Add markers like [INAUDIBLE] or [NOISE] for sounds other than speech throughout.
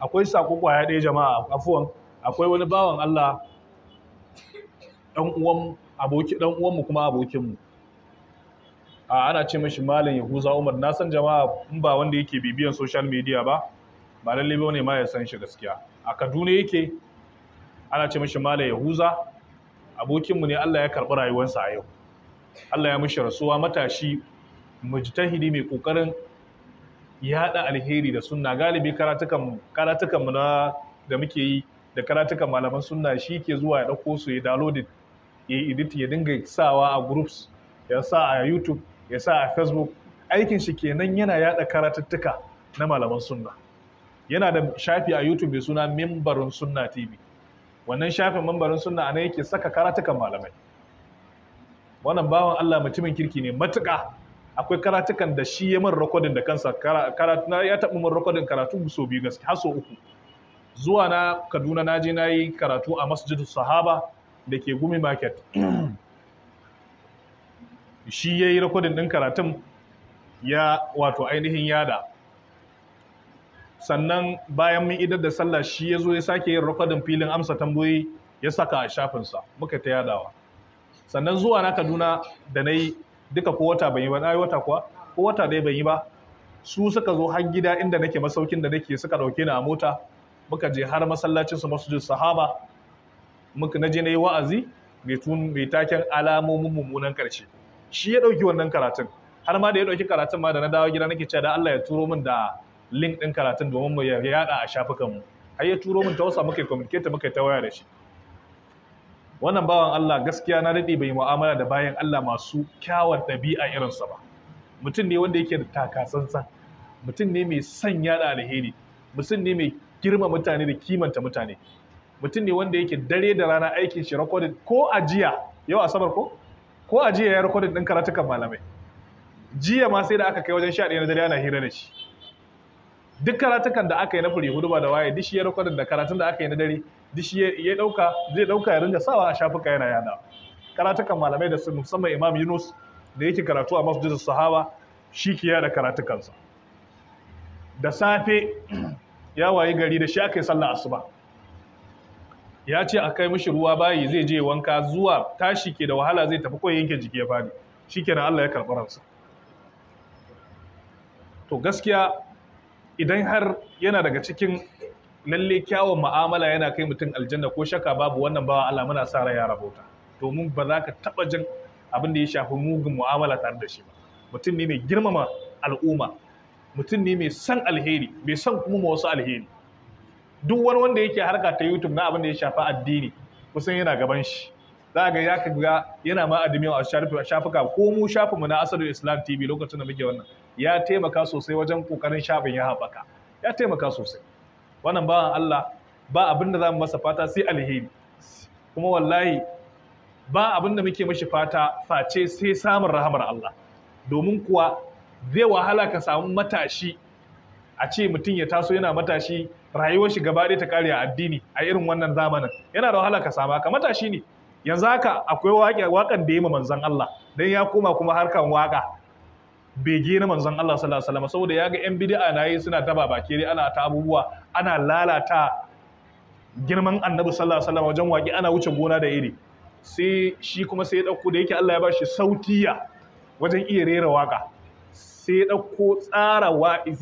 akwai sako kwaya ɗaya jama'a afuwan akwai wani bawan Allah ɗan uwanmu kuma abokinmu a ana ce mashi malam Yahuza Umar na san jama'a in ba wanda yake bibiyan social media ba ba lalle ba ne ma ya san shi gaskiya a Kaduna yake ana ce mashi malam Yahuza abokinmu ne Allah ya karɓi rayuwarsa a yau Allah ya mashi rasuwa matashi mujtahidi mai kokarin yaɗa alheri da sunna galibi karatukan karatukan da muke yi da karatukan malaman sunna shi ke zuwa ya ɗauko su ya downloading ya edit ya dinga sawa a groups ya sa a youtube ya sa a facebook aikin shi kenan yana yaɗa karatuttuka na malaman sunna yana da shafi a youtube mai suna mimbarin sunna tv wannan shafin mimbarin sunna a yake saka karatukan malamai wannan bawan allah mutumin kirki ne matuka. akwai karatukan da shi ya min rekodin da kansa karatu na ya taɓa min rekodin karatu so biyu gaske har so uku zuwa na Kaduna na je na yi karatu a Masjidu Sahaba da ke Gumi Market [CLEARS THROAT] shi ya yi rekodin ɗin karatun ya wato ainihin yada sannan bayan mun idar da sallah shi ya zo ya sake yin rekodin filin amsa tambayoyi ya saka a shafinsa muka ta yadawa sannan zuwa na Kaduna da na yi duka ko wata ban yi ba na yi wata kuwa ko wata ɗaya ban yi ba su suka zo har gida inda nake masaukin da nake suka ɗauke ni a mota muka je har masallacin su masjid sahaba muka na je na yi wa'azi mai mai taken alamomin mummunan karshe shi ya ɗauki wannan karatun har ma da ya ɗauki karatun ma da na dawo gida nake cewa da Allah ya turo min da link ɗin karatun domin mu yaɗa a shafukanmu har ya turo min ta wasa muka yi communicate muka yi ta waya da shi wannan bawan Allah gaskiya na daɗe bai mu'amala da bayan Allah masu kyawar ɗabi'a irinsa ba mutum ne wanda yake da takasansa. mutum ne mai son yada alheri mutum ne mai girma mutane da kimanta mutane mutum ne wanda yake dare da rana aikin shi recorded ko ajiya yau asabar ko ko ajiya ya recorded din karatukan malamai jiya ma sai da aka kai wajen sha ɗaya na dare ana hira da shi duk karatukan da aka yi na furi hudu ba da waye duk shi ya recorded da karatun da aka yi na dare duk ɗauka ya dauka zai dauka ya ringa sawa a shafuka yana yada karatukan malamai da su musamman imam yunus da yake karatu a masjidin sahaba shi ke yada karatukansa da safe ya wayi gari da shi aka yi sallah asuba ya ce a kai mishi ruwa bayi zai je wanka zuwa tashi ke da wahala zai tafi kawai yanke jiki ya fadi kenan Allah ya karɓi ransa to gaskiya idan har yana daga cikin lalle kyawun mu'amala yana kai mutum aljanna ko shaka babu wannan bawa Allah muna sa rai ya rabota domin ba za ka taba jin abin da ya shafi mugun mu'amala tare da shi ba mutum ne mai girmama al'umma mutum ne mai san alheri mai san kuma wasu alheri duk wani wanda yake harka ta YouTube na abin da ya shafi addini kusan yana gaban shi za ga ya ga yana ma addini a shafuka ko mu mu na Asadul Islam TV lokacin da muke wannan ya taimaka sosai wajen kokarin shafin ya haɓaka ya taimaka sosai wannan bawan Allah ba abin da za mu masa fata sai alheri kuma wallahi ba abin da muke mashi fata face sai samun rahamar Allah domin kuwa zai wahala ka samu matashi a ce mutum ya taso yana matashi rayuwar shi gaba ta kare a addini a irin wannan zamanin yana da wahala ka samu haka matashi ne yanzu haka akwai waƙan da ya ma manzon Allah dan ya koma kuma harkan waƙa bege na manzon Allah sallallahu alaihi wasallam saboda ya ga yan bid'a na yi suna ta babake ne ana ta abubuwa ana lalata girman annabi sallallahu alaihi wasallam wajen waki ana wuce gona da iri sai shi kuma sai ya dauko da yake Allah ya bashi sautiya wajen iya rera waka sai ya dauko tsara waƙi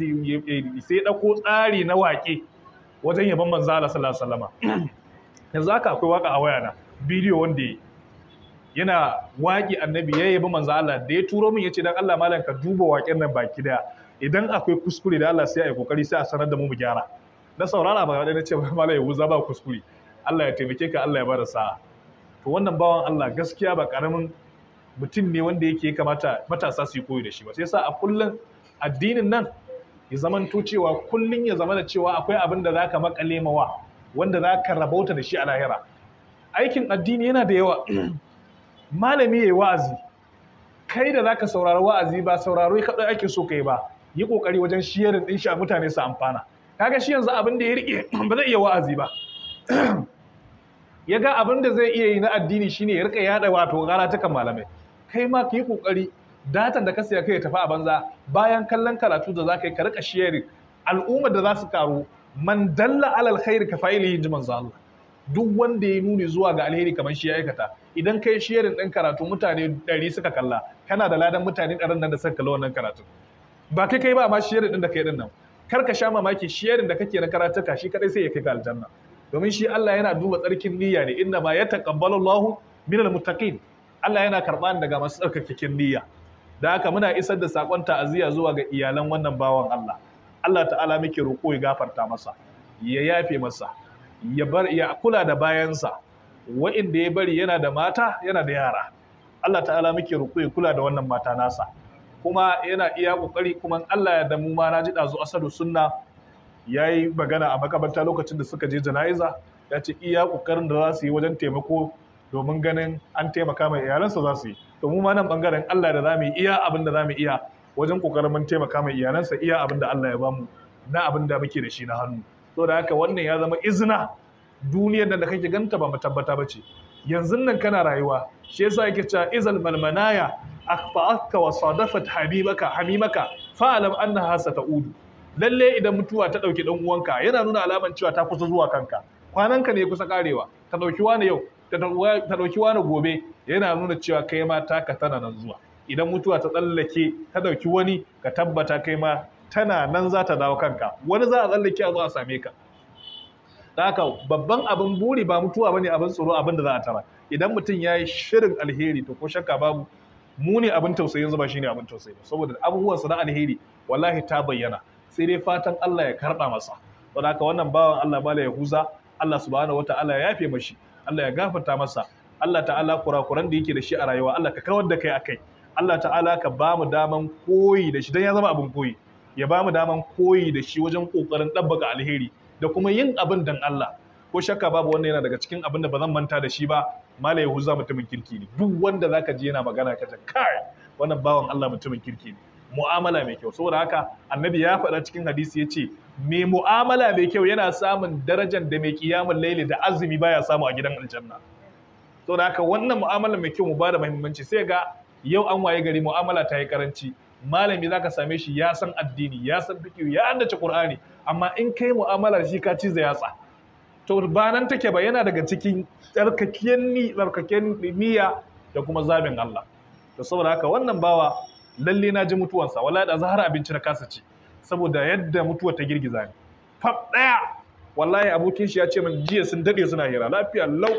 sai ya dauko tsari na waƙe wajen yaban manzo Allah sallallahu alaihi wasallam yanzu haka akwai waka a wayana bidiyo wanda ya yi yana waƙi annabi ya yabi manzo Allah da ya turo min yace dan Allah malam ka duba waƙen nan baki daya idan akwai kuskure da Allah sai a kokari sai a sanar da mu mu gyara na saurara ba na ce malam ya wuza ba kuskure Allah ya taimake ka Allah ya barasa. sa to wannan bawan Allah gaskiya ba karamin mutum ne wanda yake kamata matasa su yi koyi da shi ba sai sa a kullun addinin nan ya zamanto cewa kullun ya zama da cewa akwai abin da zaka makale mawa wanda zaka rabauta da shi a lahira aikin addini yana da yawa malami ya yi wa'azi kai da zaka saurari wa'azi ba sauraro ka dai ake so kai ba yi kokari wajen shiyarin din shi a mutane su amfana kaga shi yanzu abin da ya riƙe [CLEARS THROAT] ba zai iya wa'azi ba [CLEARS THROAT] ya ga abin da zai iya yi na addini shine ya rika yada wato karatukan malamai kai ma ka yi kokari datan da ka siya kai ya tafi a banza bayan kallon karatu da zaka yi ka rika shiyarin al'ummar da za su karu man dalla alal khairi ka fa'ili ji manzo Allah duk wanda ya nuni zuwa ga alheri kamar shi ya aikata idan kai shirin ɗin karatu mutane ɗari suka kalla kana da ladan mutane ɗarin nan da suka kalla wannan karatu ba kai kai ba ma shirin ɗin da kai ɗin nan kar ka sha mamaki shiyarin da kake na karatu ka shi kadai sai ya kai ka aljanna domin shi Allah yana duba tsarkin niyya ne inna ma yataqabbalu Allahu minal muttaqin Allah yana karɓa daga masu tsarkakekin niyya da haka muna isar da sakon ta'aziyya zuwa ga iyalan wannan bawan Allah Allah ta'ala muke roƙo ya gafarta masa ya yafe masa ya bar ya kula da bayansa wa'inda ya bari yana da mata yana da yara Allah ta'ala muke roƙo ya kula da wannan mata nasa kuma yana iya kokari kuma Allah ya damu ma na ji dazu asadu sunna yayi magana a makabarta lokacin da suka je jana'iza ya ce iya kokarin da za su yi wajen taimako domin ganin an taimaka mai iyalansa za su yi to mu ma nan bangaren Allah da zamu iya abin da zamu iya wajen kokarin mun taimaka mai iyalansa iya abin da Allah ya bamu na abin da muke da shi na hannu so da haka wannan ya zama izina duniyar da kake ganta ba matabbata ba ce yanzu nan kana rayuwa shi yasa yake cewa izal malmanaya akfa'aka wa sadafat habibaka hamimaka fa'alam annaha sata'udu lalle idan mutuwa ta dauki dan uwanka yana nuna alaman cewa ta kusa zuwa kanka kwananka ne kusa karewa ta dauki wani yau ta dauki wani gobe yana nuna cewa kai ma taka tana nan zuwa idan mutuwa ta tsallake ta dauki wani ka tabbata kai ma tana nan za ta dawo kanka wani za a tsallake a zo a same ka da haka babban abin buri ba mutuwa bane abin tsoro abin da za a tara idan mutum ya yi shirin alheri to ko shakka babu mu ne abin tausayi yanzu ba shine abin tausayi ba saboda abubuwansa na alheri wallahi ta bayyana sai dai fatan Allah ya karɓa masa don haka wannan bawan Allah bala ya huza Allah subhanahu wataala ya yafe mashi Allah ya gafarta masa Allah ta'ala kurakuran da yake da shi a rayuwa Allah ka kawar da kai akai Allah ta'ala ka ba mu daman koyi da shi don ya zama abin koyi ya ba mu daman koyi da shi wajen kokarin ɗabbaka alheri da kuma yin abin dan Allah ko shakka babu wannan yana daga cikin abin da ba zan manta da shi ba mala yahuza mutumin kirki ne duk wanda zaka ji yana magana ka kai wannan bawan Allah mutumin kirki ne mu'amala mai kyau saboda haka annabi ya faɗa cikin hadisi ya ce mai mu'amala mai kyau yana samun darajar da mai kiyamun laili da azumi baya samu a gidan aljanna saboda haka wannan mu'amala mai kyau mu ba da muhimmanci sai ga yau an waye gari mu'amala ta yi karanci malami za ka same shi ya san addini ya san fiqh ya andace qur'ani amma in kai mu'amala shi ka ci yatsa to ba nan take ba yana daga cikin tsarkakiyen ni tsarkakiyen niyya da kuma zamin Allah to saboda haka wannan bawa lalle na ji mutuwansa wala da zahara abinci na kasa ci saboda yadda mutuwa ta girgiza ni fab daya wallahi abokin shi ya ce min jiya sun dade suna hira lafiya lau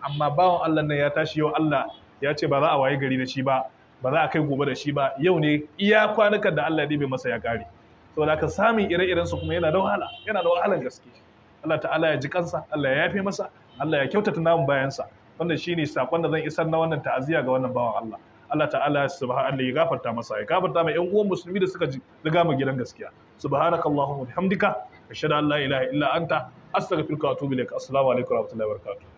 amma bawan Allah ne ya tashi yau Allah ya ce ba za a waye gari da shi ba ba za a kai gobe da shi ba yau ne iya kwanukan da Allah ya bai masa ya kare saboda haka samun ire-iren su kuma yana da wahala yana da wahalan gaske Allah ta'ala ya ji kansa Allah ya yafe masa Allah ya kyautata namun bayansa wannan shine sakon da zan isar na wannan ta'aziya ga wannan bawan Allah Allah ta'ala subhanahu ya gafarta masa ya gafarta mai yan uwan musulmi da suka riga mu gidan gaskiya subhanakallahumma bihamdika ashhadu an la ilaha illa anta astaghfiruka wa atubu ilaik assalamu alaikum wa rahmatullahi wa barakatuh